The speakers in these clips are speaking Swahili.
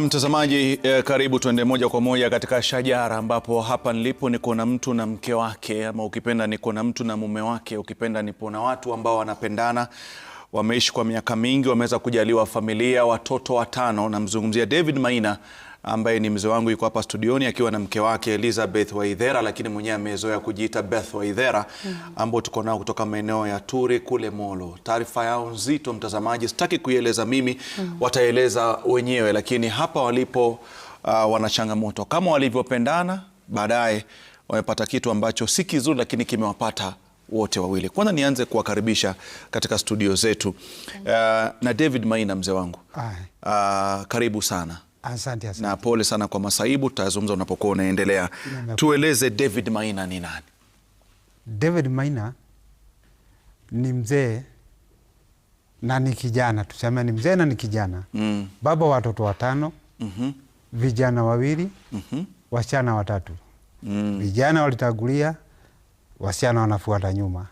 mtazamaji eh, karibu tuende moja kwa moja katika Shajara ambapo hapa nilipo niko na mtu na mke wake, ama ukipenda niko na mtu na mume wake, ukipenda nipo na watu ambao wanapendana, wameishi kwa miaka mingi, wameweza kujaliwa familia, watoto watano. Namzungumzia David Maina ambaye ni mzee wangu yuko hapa studioni akiwa na mke wake Elizabeth Waithera, lakini mwenyewe amezoea kujiita Beth Waithera mm. ambao tuko nao kutoka maeneo ya Turi kule Molo. Taarifa yao nzito, mtazamaji, sitaki kuieleza mimi mm. wataeleza wenyewe, lakini hapa walipo uh, wana changamoto kama walivyopendana, baadaye wamepata kitu ambacho si kizuri, lakini kimewapata wote wawili. Kwanza nianze kuwakaribisha katika studio zetu uh, na David Maina mzee wangu uh, karibu sana Asante, asante. Na pole sana kwa masaibu, tutazungumza unapokuwa unaendelea. Tueleze David Maina ni nani? David Maina ni mzee na ni kijana, tuseme ni mzee na ni kijana mm. Baba wa watoto watano mm -hmm. Vijana wawili mm -hmm. Wasichana watatu mm. Vijana walitangulia, wasichana wanafuata nyuma.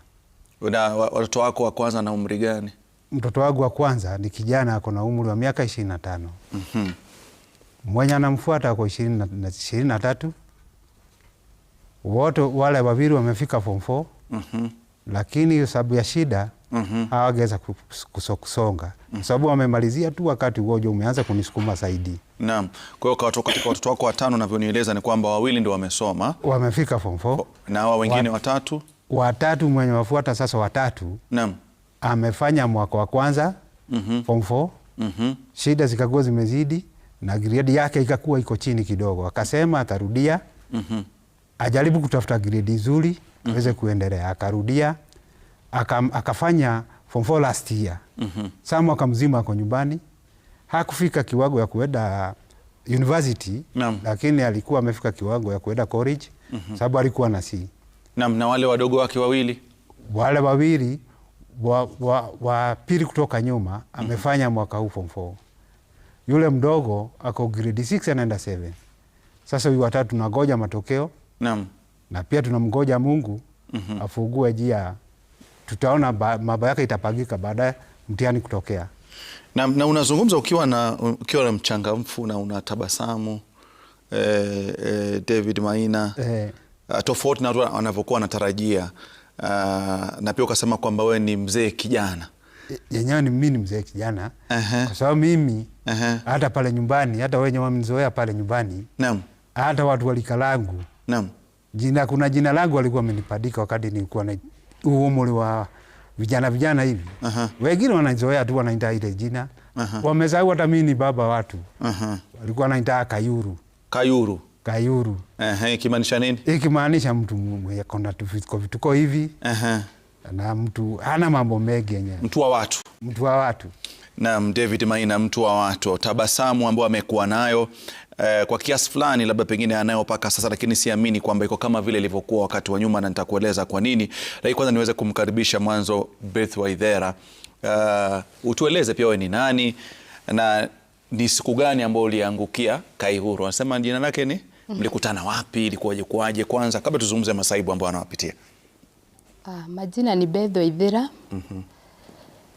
Na watoto wako wa kwanza na umri gani? Mtoto wangu wa kwanza ni kijana, ako na umri wa miaka ishirini na tano mm -hmm mwenye anamfuata ako ishirini na tatu wote wale wawili wamefika form four mm -hmm. lakini sababu ya shida mhm. hawageza -hmm. kusonga mm -hmm. sababu wamemalizia tu wakati uojo umeanza kunisukuma zaidi. Naam, kwa hiyo katika watoto wako watano navyonieleza ni kwamba wawili ndio wamesoma wamefika form four na hawa wengine watatu watatu mwenye wafuata sasa watatu naam, amefanya mwaka wa kwanza mm -hmm. form four mm -hmm. shida zikakuwa zimezidi na grade yake ikakuwa iko chini kidogo, akasema atarudia mm -hmm. ajaribu kutafuta grade nzuri mm -hmm. aweze kuendelea. Akarudia akafanya form 4 last year mm -hmm. saa mwaka mzima ako nyumbani, hakufika kiwango ya kuenda university Naam. lakini alikuwa amefika kiwango ya kuenda college mm -hmm. sababu alikuwa na C. Naam, na wale wadogo wake wawili wale wawili wa, wa, wa pili kutoka nyuma amefanya mm -hmm. mwaka huu form 4 yule mdogo ako grade 6 anaenda 7. Sasa huyu watatu tunagoja matokeo. Naam. Na pia tunamgoja Mungu mm -hmm. afungue njia, tutaona mambo yake itapangika baadaye mtihani kutokea. Na, na unazungumza ukiwa na ukiwa na mchangamfu na unatabasamu eh, eh, David Maina eh. Ah, tofauti na watu wanavyokuwa wanatarajia uh, na pia ukasema kwamba wewe ni mzee kijana yenyewe ni mimi ni mzee kijana uh -huh. kwa sababu mimi uh -huh. hata pale nyumbani hata wenye wamenizoea pale nyumbani naam, hata watu walika langu naam, jina kuna jina langu walikuwa wamenipadika wakati nilikuwa na umri wa vijana vijana hivi uh -huh. wengine wanazoea tu wanaita ile jina uh -huh. wamezaa hata mimi ni baba watu uh -huh. walikuwa wanaita Kayuru Kayuru Kayuru uh -huh. ikimaanisha nini? Ikimaanisha mtu mwenye kona vituko hivi uh -huh na mtu hana mambo mengi yenye mtu wa watu, mtu wa watu. Naam, David Maina, mtu wa watu, tabasamu ambayo amekuwa nayo eh, kwa kiasi fulani labda pengine anayo mpaka sasa, lakini siamini kwamba iko kama vile ilivyokuwa wakati wa nyuma, na nitakueleza kwa nini, lakini kwanza niweze kumkaribisha mwanzo Beth Waithera. Uh, utueleze pia wewe ni nani na ni siku gani ambayo uliangukia kaihuru? Anasema jina lake ni mlikutana wapi, ilikuwaje, kuwaje? Kwanza kabla tuzungumze masaibu ambayo anawapitia Ah, majina ni Betho Ithira. mm -hmm.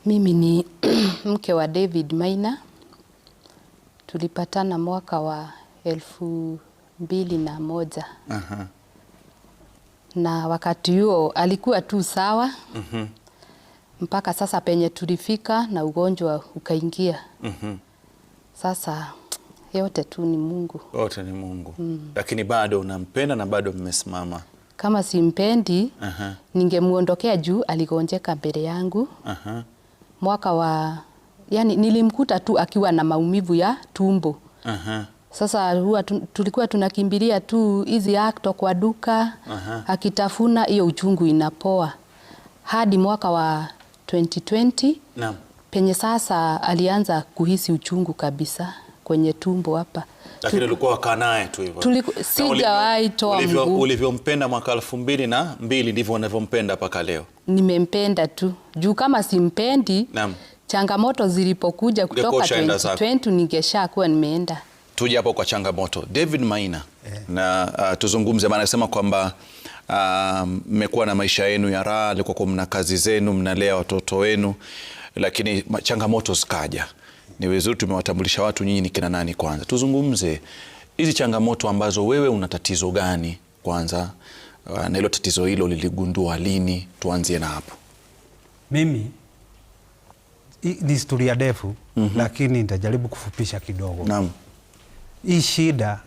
Mimi ni mke wa David Maina. Tulipatana mwaka wa elfu mbili na moja. Aha. Na wakati huo alikuwa tu sawa. mm -hmm. Mpaka sasa penye tulifika na ugonjwa ukaingia. mm -hmm. Sasa yote tu ni Mungu, yote ni Mungu. mm. Lakini bado unampenda na bado mmesimama kama simpendi uh -huh. ningemuondokea juu aligonjeka mbele yangu uh -huh. mwaka wa yani, nilimkuta tu akiwa na maumivu ya tumbo uh -huh. Sasa huwa tulikuwa tunakimbilia tu hizi akto kwa duka uh -huh. akitafuna hiyo uchungu inapoa hadi mwaka wa 2020 penye sasa alianza kuhisi uchungu kabisa kwenye tumbo hapa lakini ulikuwa wakaa naye tu hivyo. Sijawahi toa mguu. Ulivyompenda mwaka elfu mbili na mbili ndivyo unavyompenda mpaka leo? Nimempenda tu juu kama simpendi Naam. changamoto zilipokuja kutoka 2020 ningesha kuwa nimeenda. Tuje hapo kwa changamoto. David Maina yeah. na uh, tuzungumze maana sema kwamba ah, mmekuwa uh, na maisha yenu ya raha, alikuwa mna kazi zenu, mnalea watoto wenu, lakini changamoto zikaja ni vizuri tumewatambulisha watu nyinyi ni kina nani kwanza. Tuzungumze hizi changamoto ambazo wewe una tatizo gani kwanza, ah, na hilo tatizo hilo liligundua lini? Tuanzie na hapo. Mimi ni historia ndefu mm -hmm. lakini nitajaribu kufupisha kidogo. Naam. Hii shida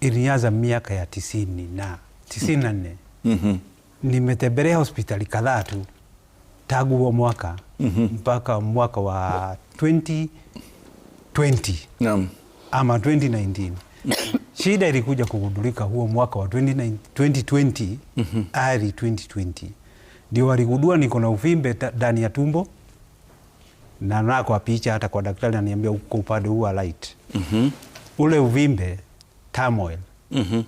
ilianza miaka ya tisini na tisini na nne. mm -hmm. Nimetembelea hospitali kadhaa tu tangu huo mwaka mm -hmm. mpaka mwaka wa 2020 no. ama 2019 shida ilikuja kugundulika huo mwaka wa 2020 mm -hmm. ari 2020 ndio waligundua niko na uvimbe ndani ya tumbo na nako picha hata kwa daktari ananiambia uko upande huu light mm -hmm. ule uvimbe turmoil mm -hmm.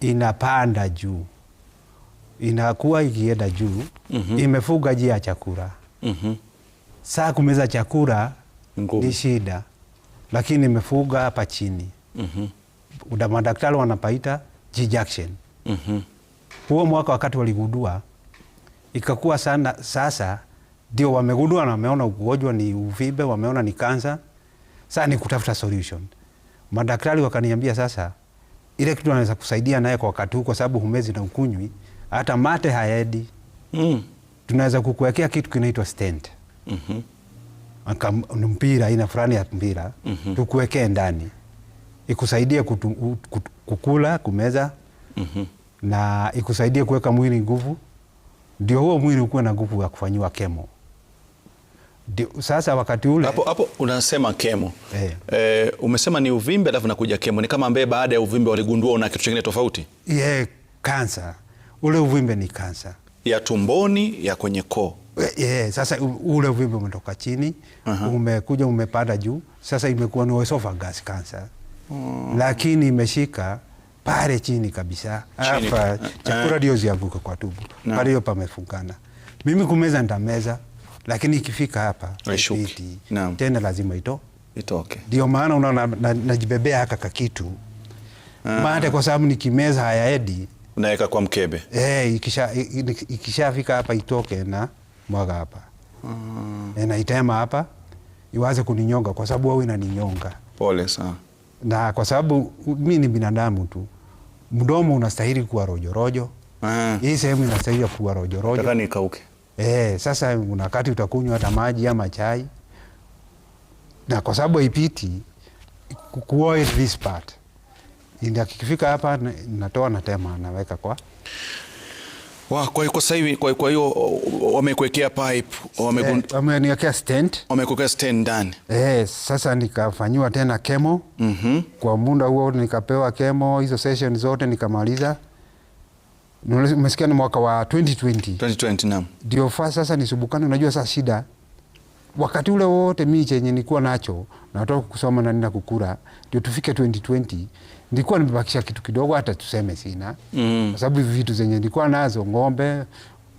inapanda juu inakuwa ikienda juu mm -hmm. imefuga jia chakula mm -hmm. Saa kumeza chakula ni shida, lakini nimefuga hapa chini mm -hmm. Madaktari wanapaita G-junction mm -hmm. Huo mwaka wakati waligundua ikakuwa sana, sasa ndio wamegundua na wameona ugonjwa ni uvibe, wameona ni kansa. Sasa ni kutafuta solution. Madaktari wakaniambia sasa, ile kitu anaweza kusaidia naye kwa wakati huu, kwa sababu humezi na ukunywi, hata mate hayaedi mm tunaweza kukuwekea kitu kinaitwa stent mm -hmm. mpira aina fulani ya mpira mm -hmm. tukuwekee ndani ikusaidie kutu, kutu, kukula kumeza mm -hmm. na ikusaidie kuweka mwili nguvu, ndio huo mwili ukuwe na nguvu ya kufanyiwa kemo. Di, sasa wakati ule hapo hapo unasema kemo hey. Eh. E, eh, umesema ni uvimbe alafu nakuja kemo, ni kama ambaye baada ya uvimbe waligundua una kitu kingine tofauti. Ye, kansa. Ule uvimbe ni kansa ya tumboni ya kwenye koo. Yeah, eh, sasa ule uvimbe umetoka chini uh -huh. umekuja umepanda juu, sasa imekuwa ni esophagus cancer mm. lakini imeshika pale chini kabisa hapa eh. chakula ndio zianguke kwa tubu no. pale hiyo pamefungana. Mimi kumeza nitameza, lakini ikifika hapa ipiti no. tena lazima ito itoke, ndio maana unaona najibebea haka kakitu ah. mate kwa sababu nikimeza hayaedi unaweka kwa mkebe eh, ikisha hapa itoke na mwaga hapa mm. E, na itema hapa iwaze kuninyonga kwa sababu wewe unaninyonga. Pole sana, na kwa sababu mimi ni binadamu tu, mdomo unastahili kuwa rojorojo hii Sehemu inastahili kuwa rojorojo taka nikauke eh. Sasa una wakati utakunywa hata maji ama chai, na kwa sababu haipiti kuoil this part ili kikifika hapa natoa na tema naweka kwa wa, kwa hiyo sasa hivi kwa hiyo wamekuwekea pipe, wamekuniwekea eh, stent. Wamekuwekea stent ndani. Eh, sasa nikafanyiwa tena kemo. Mm -hmm. Kwa muda huo nikapewa kemo hizo session zote nikamaliza. Umesikia ni mwaka wa 2020. 2020 naam. Ndio fa sasa nisubukane, unajua sasa shida. Wakati ule wote mimi chenye nilikuwa nacho, natoka kusoma na nina kukura, ndio tufike 2020 nilikuwa nimebakisha kitu kidogo, hata tuseme sina mm. kwa sababu hivi vitu zenye nilikuwa nazo ng'ombe,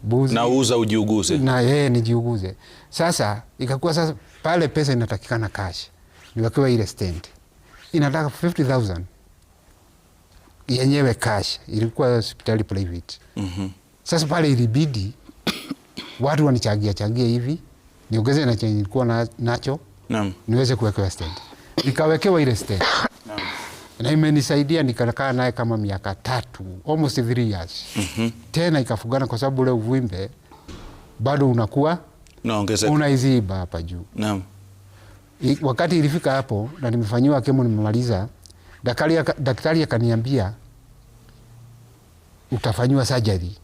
buzi nauza ujiuguze na yeye nijiuguze. Sasa ikakuwa sasa pale pesa inatakikana cash, niwekewe ile stand inataka 50000 yenyewe cash, ilikuwa hospitali private mm -hmm. Sasa pale ilibidi watu wanichangia changia hivi niongeze na chenye nilikuwa nacho, naam, niweze kuwekewa stand nikawekewa ile stand naam na imenisaidia nikakaa naye kama miaka tatu almost three years. mm -hmm. Tena ikafugana kwa sababu ule uvimbe bado unakuwa unaiziba hapa juu. I, Wakati ilifika hapo na nimefanyiwa kemo, nimemaliza, daktari akaniambia utafanyiwa sajari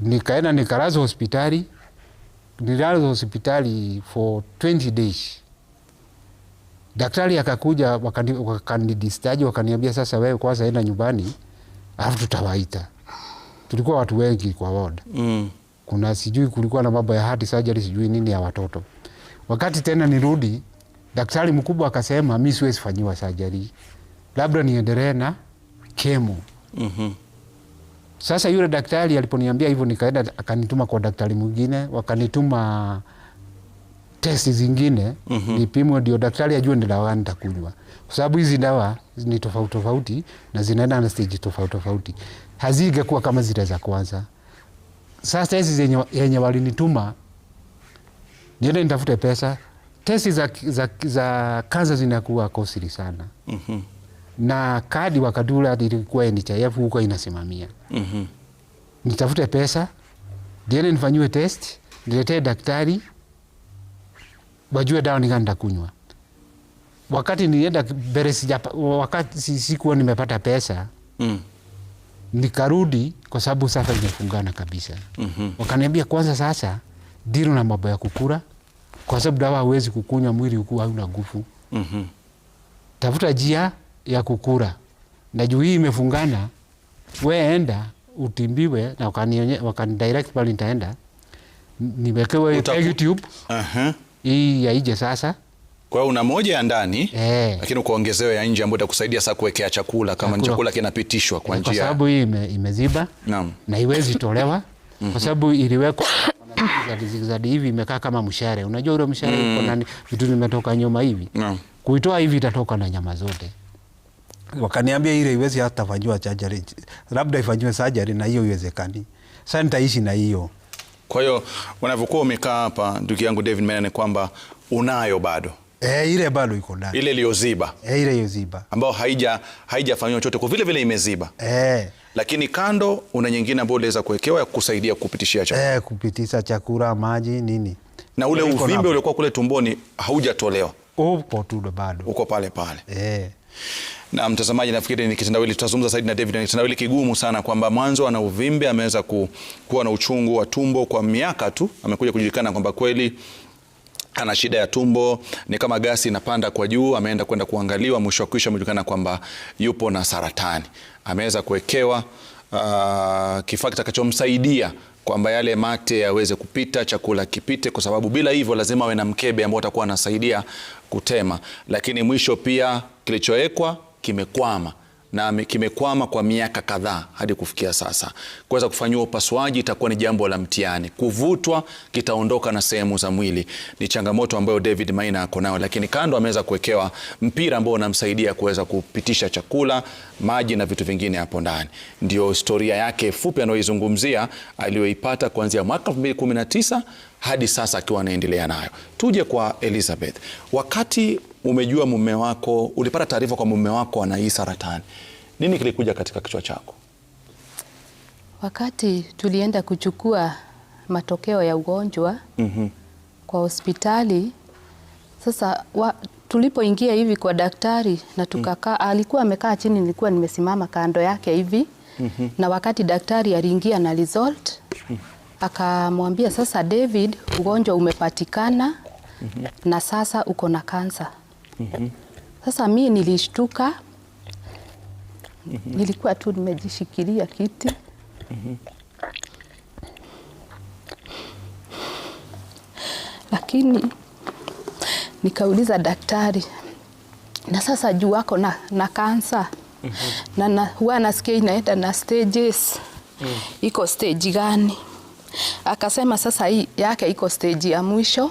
Nikaenda nikalaza hospitali, nilaza hospitali for 20 days Daktari akakuja wakanidistaji, wakaniambia sasa, wewe kwanza enda nyumbani, alafu tutawaita. Tulikuwa watu wengi kwa ward mm. kuna sijui, kulikuwa na mambo ya heart surgery sijui nini ya watoto. Wakati tena nirudi, daktari mkubwa akasema mi siwezi fanyiwa surgery, labda niendelee na kemo mm -hmm. Sasa yule daktari aliponiambia hivyo, nikaenda akanituma kwa daktari mwingine, wakanituma testi zingine mm -hmm. nipimwe ndio daktari ajue ni dawa gani nitakunywa, kwa sababu hizi dawa ni tofauti tofauti na zinaenda na stage tofauti tofauti, hazige kuwa kama zile za kwanza. Sasa hizi zenye yenye walinituma niende nitafute pesa, testi za, za, za kansa zinakuwa kosili sana mm -hmm. na kadi wakati ule ilikuwa NHIF huko inasimamia mm -hmm. nitafute pesa ndiende nifanyiwe test niletee daktari wajue dawa ni gani Wakati nienda mbele wakati sikuwa nimepata pesa mm. Nikarudi kwa sababu sasa imefungana kabisa mm -hmm. Wakaniambia kwanza, sasa diro na mambo ya kukura kwa sababu dawa hawezi kukunywa, mwili huku hauna nguvu mm -hmm. Tafuta jia ya kukura na juu hii imefungana, weenda utimbiwe, na wakani direct pale nitaenda niwekewe YouTube uh -huh hii yaije sasa. Kwa hiyo una moja ya ndani e, lakini ukaongezewe ya nje ambayo itakusaidia sasa kuwekea chakula kama ni chakula kinapitishwa kwa njia, kwa sababu hii ime, imeziba naam, na iwezi tolewa mhm. kwa sababu iliwekwa zigzag hivi imekaa kama mshare. Unajua ule mshare mm, uko nani vitu vimetoka nyuma hivi naam, kuitoa hivi itatoka na nyama zote. Wakaniambia ile iwezi hata fanyiwa chajari, labda ifanyiwe sajari, na hiyo iwezekani. Sasa nitaishi na hiyo kwa hiyo wanavyokuwa umekaa hapa, ndugu yangu David Mena, ni kwamba unayo bado E, ile bado iko ndani ile iliyoziba e, ile iliyoziba ambayo haija haijafanywa chochote kwa vile vile imeziba e. Lakini kando una nyingine ambayo uliweza kuwekewa ya kusaidia kupitishia chakula e, kupitisha chakula, maji nini, na ule uvimbe uliokuwa kule tumboni haujatolewa, upo tu bado, uko pale pale e. Na mtazamaji, nafikiri ni kitendawili, tutazungumza zaidi na David, na kitendawili kigumu sana, kwamba mwanzo ana uvimbe, ameweza kuwa na uchungu wa tumbo kwa miaka tu, amekuja kujulikana kwamba kweli ana shida ya tumbo, ni kama gasi inapanda kwa juu. Ameenda kwenda kuangaliwa, mwisho wa kwisha amejulikana kwamba yupo na saratani. Ameweza kuwekewa uh, kifaa kitakachomsaidia kwamba yale mate yaweze kupita, chakula kipite, kwa sababu bila hivyo lazima awe na mkebe ambao atakuwa anasaidia kutema, lakini mwisho pia kilichowekwa kimekwama na kimekwama kwa miaka kadhaa hadi kufikia sasa. Kuweza kufanyiwa upasuaji itakuwa ni jambo la mtihani. Kuvutwa kitaondoka na sehemu za mwili, ni changamoto ambayo David Maina ako nayo, lakini kando ameweza kuwekewa mpira ambao unamsaidia kuweza kupitisha chakula, maji na vitu vingine hapo ndani. Ndio historia yake fupi anayoizungumzia aliyoipata kuanzia mwaka 2019 hadi sasa akiwa anaendelea nayo. Tuje kwa Elizabeth wakati umejua mume wako, ulipata taarifa kwa mume wako ana hii saratani, nini kilikuja katika kichwa chako? Wakati tulienda kuchukua matokeo ya ugonjwa mm -hmm. kwa hospitali sasa wa, tulipoingia hivi kwa daktari na mm. tukakaa, mm. alikuwa amekaa chini, nilikuwa nimesimama kando yake hivi mm -hmm. na wakati daktari aliingia na result mm. akamwambia, sasa David, ugonjwa umepatikana mm -hmm. na sasa uko na kansa. Mhm. Sasa mi nilishtuka, mm Nilikuwa tu nimejishikilia kiti, mhm. Lakini nikauliza daktari, na sasa juu wako na, na kansa mhm. na, na huwa nasikia inaenda na stages iko stage gani? Akasema sasa hii yake iko stage ya mwisho,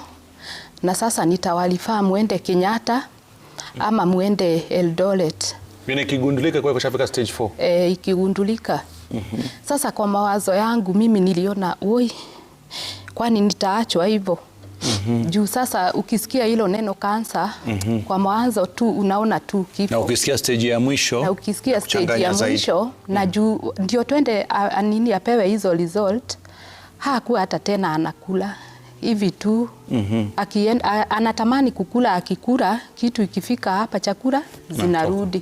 na sasa nitawalifaa muende Kenyatta ama mwende Eldoret. Mimi kigundulika kwa kushafika stage 4. Eh, ikigundulika. Mm -hmm. Sasa kwa mawazo yangu mimi niliona woi, kwani nitaachwa hivyo? Mm -hmm. Juu sasa ukisikia hilo neno kansa, mm -hmm. kwa mawazo tu unaona tu kifo. Na ukisikia stage ya mwisho, na ukisikia stage ya mwisho mm -hmm. na mhm. juu ndio twende anini apewe hizo result, hakuwa hata tena anakula mm hivi tu mm -hmm. Anatamani kukula, akikula kitu ikifika hapa chakula zinarudi.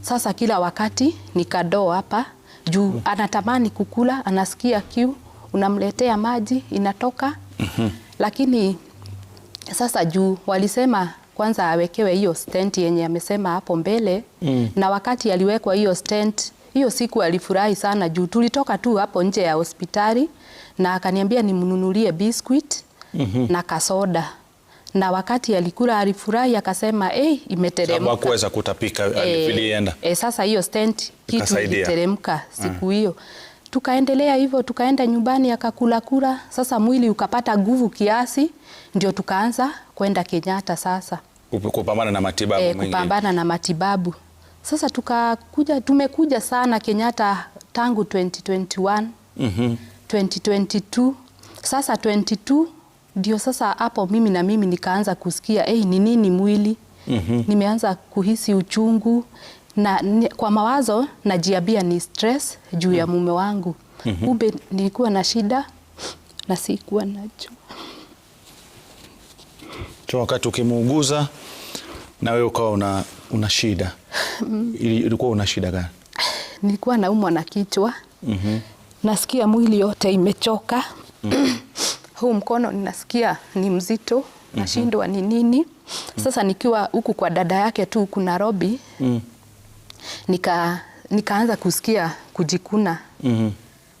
Sasa kila wakati ni kadoo hapa juu mm -hmm. Anatamani kukula, anasikia kiu, unamletea maji inatoka mm -hmm. Lakini sasa juu walisema kwanza awekewe hiyo stent yenye amesema hapo mbele mm. Na wakati aliwekwa hiyo stent hiyo siku alifurahi sana juu tulitoka tu hapo nje ya hospitali na akaniambia nimnunulie biscuit -hmm. na kasoda na wakati alikula alifurahi akasema, eh, imeteremka. Hakuweza kutapika eh, alienda. Eh, sasa hiyo stent kitu kiteremka siku mhm. hiyo mm. Tukaendelea hivyo, tukaenda nyumbani akakula kula, sasa mwili ukapata nguvu kiasi, ndio tukaanza kwenda Kenyatta sasa kupambana na matibabu e, kupambana na matibabu sasa. Tukakuja, tumekuja sana Kenyatta tangu 2021 mm -hmm. 2022 sasa 22 ndio sasa hapo mimi na mimi nikaanza kusikia hey, ni nini mwili mm -hmm. Nimeanza kuhisi uchungu na kwa mawazo najiambia ni stress juu ya mm. mume wangu mm -hmm. Kumbe nilikuwa na shida na sikuwa najua. Wakati ukimuuguza na wewe ukawa una, una shida mm. ilikuwa una shida gani? Nilikuwa naumwa na kichwa mm -hmm. Nasikia mwili yote imechoka mm -hmm huu mkono ninasikia ni mzito mhm. nashindwa mm -hmm. ni nini mhm. sasa, nikiwa huku kwa dada yake tu huku Nairobi mm. nika nikaanza kusikia kujikuna mhm.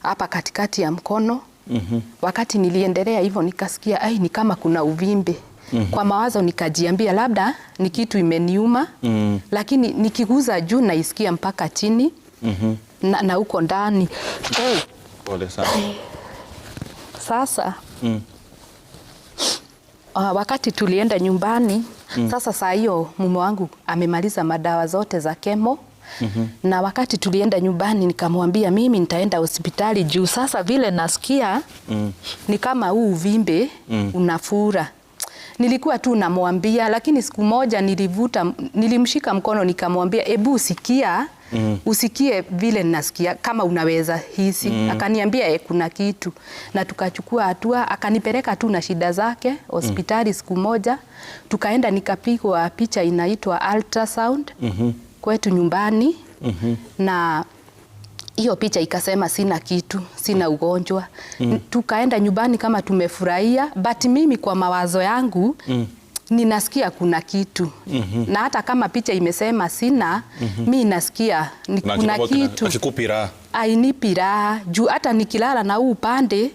hapa mm -hmm. katikati ya mkono mm -hmm. wakati niliendelea hivyo nikasikia ai, ni kama kuna uvimbe mm -hmm. kwa mawazo nikajiambia labda ni kitu imeniuma mm -hmm. lakini nikiguza juu naisikia mpaka chini mm -hmm. na huko ndani hey. Pole sana. Sasa mm. Uh, wakati tulienda nyumbani mm. Sasa saa hiyo mume wangu amemaliza madawa zote za kemo mm -hmm. Na wakati tulienda nyumbani nikamwambia mimi nitaenda hospitali juu sasa vile nasikia mm. ni kama huu uvimbe mm. unafura nilikuwa tu namwambia, lakini siku moja nilivuta, nilimshika mkono nikamwambia, ebu sikia Mm. Usikie vile nasikia kama unaweza hisi. Mm. Akaniambia e, kuna kitu na tukachukua hatua, akanipeleka tu na shida zake hospitali. Mm. Siku moja tukaenda nikapigwa picha inaitwa ultrasound. Mm -hmm. Kwetu nyumbani. Mm -hmm. Na hiyo picha ikasema sina kitu, sina mm. ugonjwa mm. Tukaenda nyumbani kama tumefurahia, but mimi kwa mawazo yangu mm. Ninasikia kuna kitu mm -hmm. Na hata kama picha imesema sina mm -hmm. Mi nasikia ni kuna kitu ainipi raha juu hata nikilala na huu upande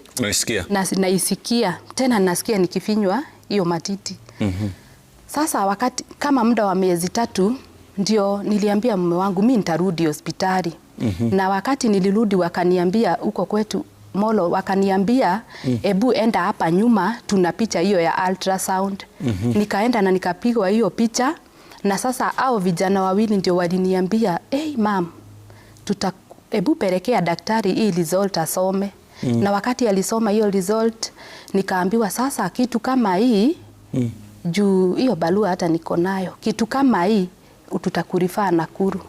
na, naisikia tena nasikia nikifinywa hiyo matiti mm -hmm. Sasa wakati kama muda wa miezi tatu ndio niliambia mume wangu mi nitarudi hospitali -hmm. na wakati nilirudi wakaniambia huko kwetu Molo wakaniambia mm. ebu enda hapa nyuma, tuna picha hiyo ya ultrasound mm -hmm. Nikaenda na nikapigwa hiyo picha, na sasa hao vijana wawili ndio waliniambia hey, mam tuta, ebu pelekea daktari hii result asome mm. Na wakati alisoma hiyo result nikaambiwa sasa kitu kama hii mm. juu hiyo barua hata niko nayo, kitu kama hii tutakurifaa Nakuru.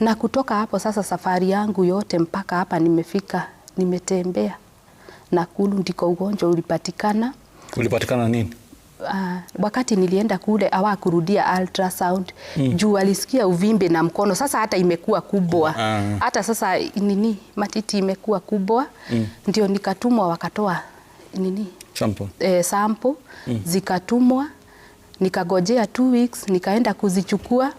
Na kutoka hapo sasa, safari yangu yote mpaka hapa nimefika, nimetembea. Nakuru ndiko ugonjwa ulipatikana. Ulipatikana nini? Uh, wakati nilienda kule hawakurudia ultrasound mm. Juu alisikia uvimbe na mkono sasa, hata imekuwa kubwa mm. Hata sasa nini matiti imekuwa kubwa mm. Ndio nikatumwa wakatoa nini sample, e, eh, sample. Mm. Zikatumwa nikagojea two weeks nikaenda kuzichukua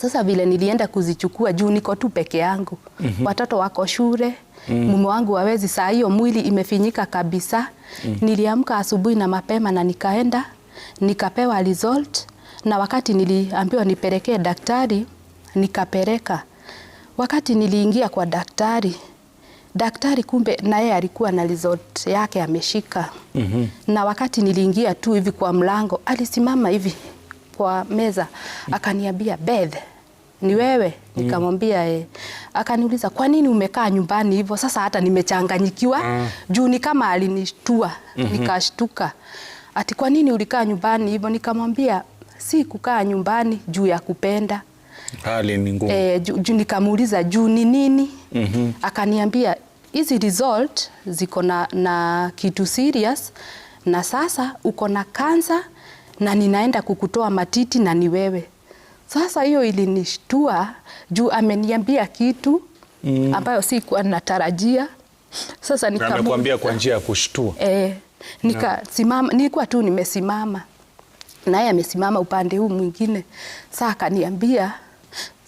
sasa vile nilienda kuzichukua juu niko tu peke yangu mm -hmm. watoto wako shule mhm. mume mm -hmm. wangu hawezi, saa hiyo mwili imefinyika kabisa mm -hmm. Niliamka asubuhi na mapema na nikaenda nikapewa result, na wakati niliambiwa nipelekee daktari nikapeleka. Wakati niliingia kwa daktari daktari kumbe na yeye alikuwa na result yake ameshika mm -hmm. na wakati niliingia tu hivi kwa mlango alisimama hivi kwa meza akaniambia, Beth ni wewe? Mm. Nikamwambia e. Akaniuliza, kwa nini umekaa nyumbani hivyo? Sasa hata nimechanganyikiwa mm. juu ni kama alinishtua mm-hmm. Nikashtuka ati kwa nini ulikaa nyumbani hivyo? Nikamwambia si kukaa nyumbani juu ya kupenda hali ni ngumu e, eh, juu nikamuuliza juu ni nini mm -hmm. Akaniambia hizi result ziko na, na kitu serious na sasa uko na kansa na ninaenda kukutoa matiti na ni wewe. Sasa hiyo ilinishtua juu ameniambia kitu mm. ambayo sikuwa natarajia. Sasa nikamwambia kwa njia ya kushtua eh, nikasimama, nilikuwa tu nimesimama naye amesimama upande huu mwingine. Sasa akaniambia,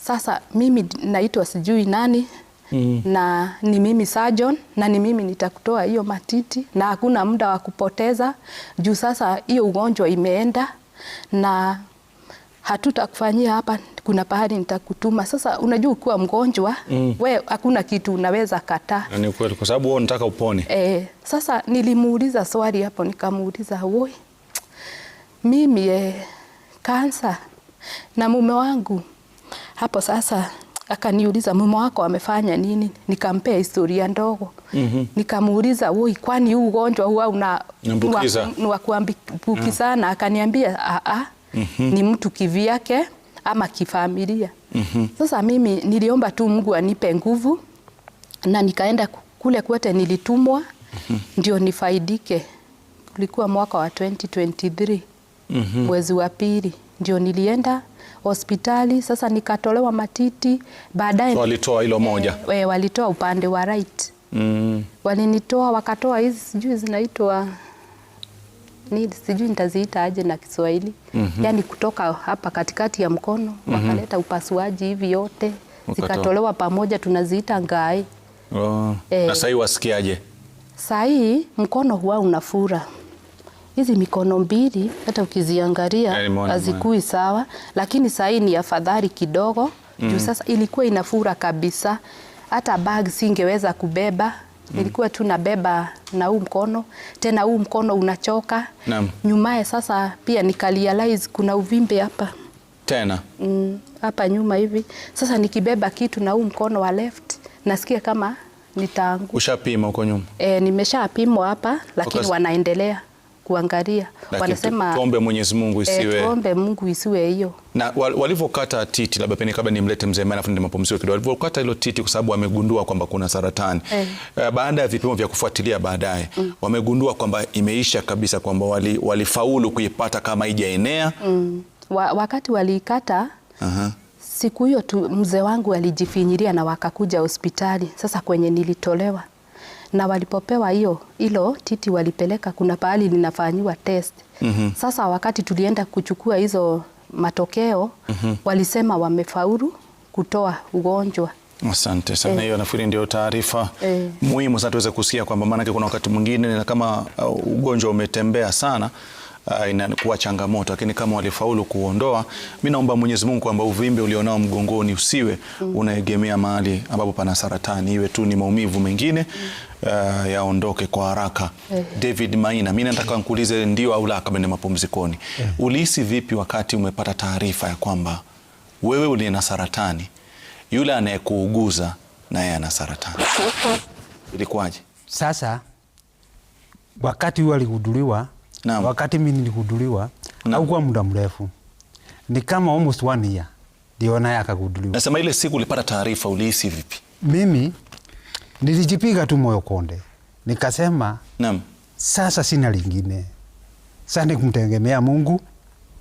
sasa mimi naitwa sijui nani Mm. na ni mimi surgeon na ni mimi nitakutoa hiyo matiti na hakuna muda wa kupoteza juu sasa hiyo ugonjwa imeenda na hatutakufanyia hapa, kuna pahali nitakutuma. Sasa unajua ukiwa mgonjwa mm. we hakuna kitu unaweza kataa, ni kweli, kwa sababu wewe unataka upone. E, sasa nilimuuliza swali hapo, nikamuuliza woi, mimi e, eh, kansa na mume wangu hapo sasa akaniuliza mume wako amefanya nini? Nikampea historia ndogo mm -hmm. Nikamuuliza woi, kwani huu ugonjwa huwa una wa sana? Mm-hmm. Akaniambia a ah, a ah, mm -hmm. ni mtu kivyake ama kifamilia mm -hmm. Sasa mimi niliomba tu Mungu anipe nguvu na nikaenda kule kwote nilitumwa mm -hmm. ndio nifaidike. Kulikuwa mwaka wa 2023 mm -hmm. mwezi wa pili ndio nilienda hospitali sasa, nikatolewa matiti baadaye. So, walitoa hilo moja e, walitoa upande wa right mm. Walinitoa wakatoa hizi sijui zinaitwa ni sijui nitaziita aje na Kiswahili mm -hmm. Yani kutoka hapa katikati ya mkono mm -hmm. Wakaleta upasuaji hivi yote zikatolewa pamoja, tunaziita ngai. Oh. E, na sahii wasikiaje? Sahii mkono huwa unafura hizi mikono mbili hata ukiziangalia yaani hazikui sawa, lakini saa hii ni afadhali kidogo mm-hmm. juu sasa ilikuwa inafura kabisa, hata bag singeweza kubeba Mm. Mm-hmm. Ilikuwa tu nabeba na huu mkono tena, huu mkono unachoka. Naam. Nyumaye sasa pia nikarealize kuna uvimbe hapa tena mm, hapa mm, nyuma hivi. Sasa nikibeba kitu na huu mkono wa left nasikia kama nitaanguka. Ushapima huko nyuma? E, nimeshapimwa hapa lakini Okas... wanaendelea kuangalia wanasema tuombe Mwenyezi Mungu eh, isiwe e, tuombe Mungu isiwe hiyo. Na walivyokata titi, labda pengine kabla nimlete mzee Maina afunde mapumziko kidogo, walivyokata hilo titi kwa sababu wamegundua kwamba kuna saratani e. baada ya vipimo vya kufuatilia baadaye mm. wamegundua kwamba imeisha kabisa, kwamba walifaulu wali kuipata kama haijaenea mm. Wa, wakati waliikata uh -huh. Siku hiyo tu mzee wangu alijifinyiria na wakakuja hospitali. Sasa kwenye nilitolewa na walipopewa hiyo hilo titi walipeleka, kuna pahali linafanyiwa test. mm -hmm. Sasa wakati tulienda kuchukua hizo matokeo mm -hmm. walisema wamefaulu kutoa ugonjwa. Asante sana, eh. hiyo eh, nafikiri ndio taarifa eh, muhimu sana tuweze kusikia kwamba maanake kuna wakati mwingine kama uh, ugonjwa umetembea sana Uh, inakuwa changamoto lakini kama walifaulu kuondoa, mimi naomba Mwenyezi Mungu kwamba uvimbe ulionao mgongoni usiwe mm. unaegemea mahali ambapo pana saratani, iwe tu ni maumivu mengine mm uh, yaondoke kwa haraka. David Maina, mimi nataka nikuulize ndio au la, kabla ni mapumzikoni, ulihisi vipi wakati umepata taarifa ya kwamba wewe uliye na saratani, yule anayekuuguza naye ana saratani? Ilikuwaje? Sasa wakati huo aligunduliwa, wakati mimi nilihuduliwa au muda mrefu ni kama almost one year ndio naye akagunduliwa. Nasema ile siku ulipata taarifa, ulihisi vipi? Mimi nilijipiga tu moyo konde, nikasema naam, sasa sina lingine, sasa kumtegemea Mungu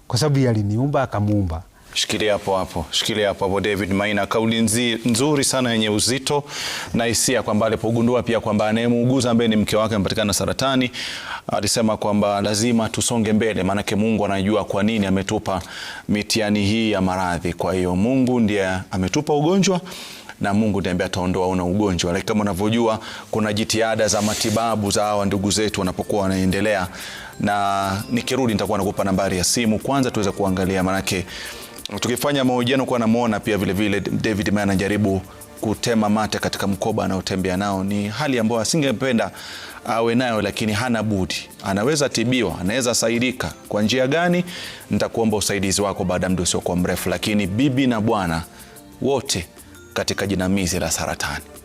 kwa sababu yaliniumba akamuumba. shikili hapo hapo, shikili hapo hapo, David Maina. Kauli nzuri sana yenye uzito na hisia, kwamba alipogundua pia kwamba anayemuuguza ambaye ni mke wake amepatikana na saratani, alisema kwamba lazima tusonge mbele, maanake Mungu anajua kwa nini ametupa mitiani hii ya maradhi. Kwa hiyo Mungu ndiye ametupa ugonjwa na Mungu ndiye ambaye ataondoa una ugonjwa. Lakini kama unavyojua kuna jitihada za matibabu za hawa ndugu zetu wanapokuwa wanaendelea, na nikirudi nitakuwa nakupa nambari ya simu kwanza tuweze kuangalia, maanake tukifanya mahojiano kuwa namwona pia vilevile vile David Maina anajaribu kutema mate katika mkoba anaotembea nao. Ni hali ambayo asingependa awe nayo, lakini hana budi, anaweza tibiwa, anaweza saidika. Kwa njia gani? Nitakuomba usaidizi wako baada ya muda usiokuwa mrefu, lakini bibi na bwana wote katika jinamizi la saratani.